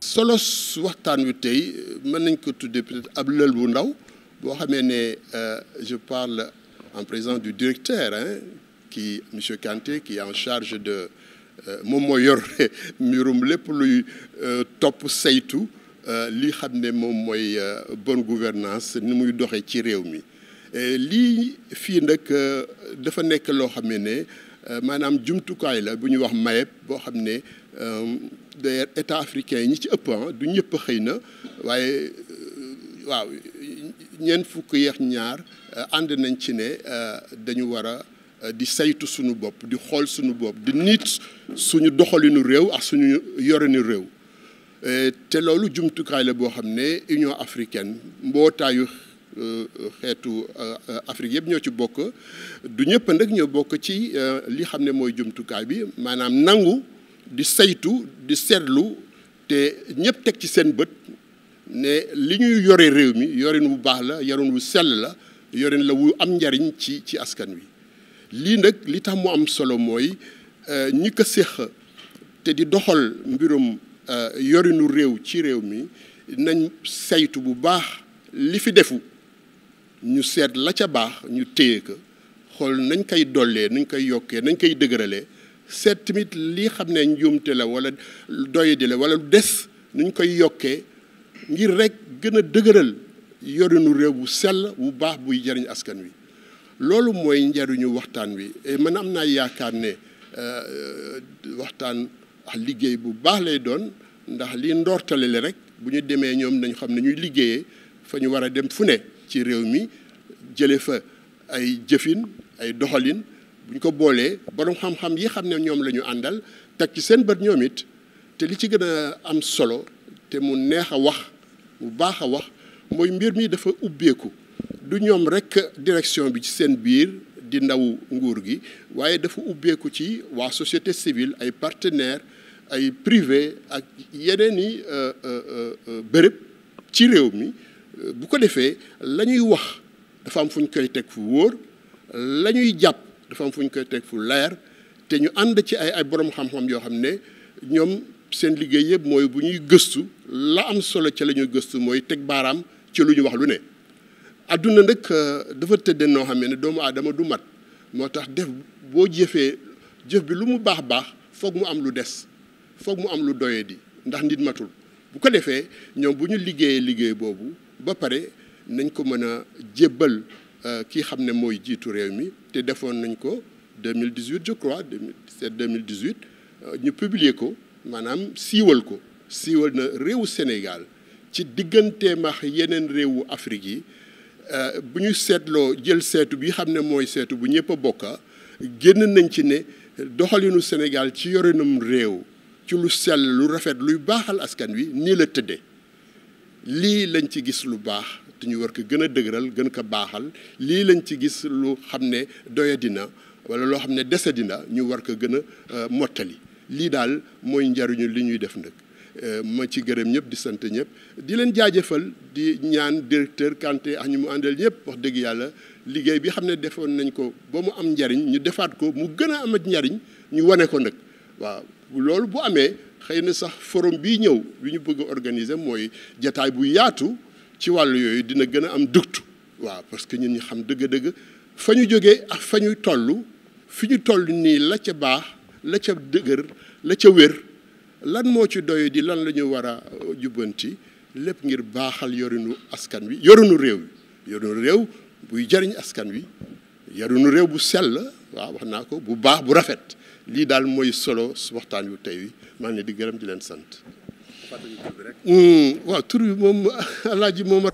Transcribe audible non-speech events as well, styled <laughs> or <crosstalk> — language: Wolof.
solos waxtaan wi tey mën nañ ko tuddee peut ab lël bu ndaw boo xamee ne euh, je parle en présence du directeur hein monsieur Kanté qui en charge de euh, moom moo yor <laughs> mbirum lépp luy euh, topp saytu li xam ne moom mooy bonne gouvernance ni muy doxee ci réew mi lii fii nag dafa nekk loo xam ne Euh, maanaam jumtukaay la bu ñu wax mayeb boo xam ne d'ailleurs état africain yi ñi ci ëpp ah, du ñëpp xëy na waaye euh, waaw ñeent fukk yeex ñaar euh, ànd nañ ci ne dañu war a di saytu suñu bopp di xool suñu bopp di nit suñu doxalinu réew ak suñu yorinu réew te loolu jumtukaay la boo xam ne Union africaine mbootaayu Euh, xeetu euh, Afrique yëpp ñoo ci bokk du ñëpp nag ñoo bokk ci euh, li xam ne mooy jumtukaay bi maanaam nangu di saytu di seetlu te ñëpp teg ci seen bët ne li ñuy yore réew mi yorin wu baax la yorin wu sell la yorin la wu am njariñ ci ci askan wi lii nag li tax mu am solo mooy ñikk ko séq te di doxal mbirum yorinu réew ci réew mi nañ saytu bu baax li fi defu ñu seet la ca baax ñu téye ko xool nañ koy dollee nañ koy yokkee nañ koy dëgëralee seet tamit lii xam ne njuumte la wala doyadi la wala des nuñ koy yokkee ngir rek gën a dëgëral yorinu réew wu sell wu baax buy jëriñ askan wi loolu mooy njariñu waxtaan wi mën a am naa yaakaar ne euh, waxtaan wax liggéey bu baax lay doon ndax lii ndoortale li rek bu ñu demee ñoom nañ xam ne ñuy liggéeyee fa ñu war a dem fu ne ci réew mi jële fa ay jëfin ay doxalin buñ ko boolee borom xam-xam yi xam ne ñoom lañu àndal teg ci seen bët ñoom it te li ci gën a am solo te mu neex a wax mu baax a wax mooy mbir mi dafa ubbeeku du ñoom rek direction bi ci seen biir di ndaw nguur gi waaye dafa ubbeeku ci waa société civile ay partenaires ay privé ak yeneen i euh, euh, euh, bërëb ci réew mi bu ko defee la ñuy wax dafa am fu ñu koy teg fu wóor la ñuy jàpp dafa am fu ñu koy teg fu leer te ñu ànd ci ay ay borom xam-xam yoo xam ne ñoom seen liggéey yëpp mooy bu ñuy gëstu la am solo ci la ñuy gëstu mooy teg baaraam ci lu ñu wax lu ne. adduna nag euh, dafa tëddee noo xam ne doomu aadama du mat moo tax def boo jëfee jëf bi lu mu baax baax foog mu am lu des foog mu am lu doyee di ndax nit matul bu ko defee ñoom bu ñu liggéeyee liggéey boobu. ba pare nañ ko mën a jébbal euh, ki xam ne mooy jiitu réew mi te defoon nañ ko 2018 je crois 2017 2018 euh, ñu publier ko maanaam siiwal ko siiwal na réewu Sénégal ci diggante ak yeneen réewu Afrique yi euh, bu ñu seetloo jël seetu bi xam ne mooy seetu bu ñëpp a bokka génn nañ ci ne doxalinu Sénégal ci yorinum réew ci lu sell lu rafet luy baaxal askan wi nii la tëddee lii lañ ci gis lu baax te ñu war ko gën a dëgëral gën ko baaxal lii lañ ci gis lu xam ne doyadi na wala loo xam ne desadi na ñu war ko gën a euh, mottali lii daal mooy njariñu li ñuy def nag euh, ma ci gërëm ñëpp di sant ñëpp di leen jaajëfal di ñaan directeur Kanté ak ñu mu àndal ñëpp wax dëgg yàlla liggéey bi xam ne defoon nañ ko ba mu am njariñ ñu defaat ko mu gën a amat njariñ ñu wane ko nag waaw loolu bu amee xëy na sax forom bii ñëw bi ñu bëgg a organiser mooy jataay bu yaatu ci wàll yooyu dina gën a am dugtu waaw parce que ñun ñu xam dëgg-dëgg fa ñu jógee ak fa ñu tollu fi ñu toll nii la ca baax la ca dëgër la ca wér lan moo ci doy di lan la ñu war a euh, jubbanti lépp ngir baaxal yorinu askan wi yorunu réew yorinu réew buy jariñ askan wi yorinu réew bu sell waaw wax naa ko bu baax bu rafet lii daal mooy solo su waxtaan yu tey maa ngi leen di gërëm di leen sant. Hmm, waaw tur bi moom alaaji moom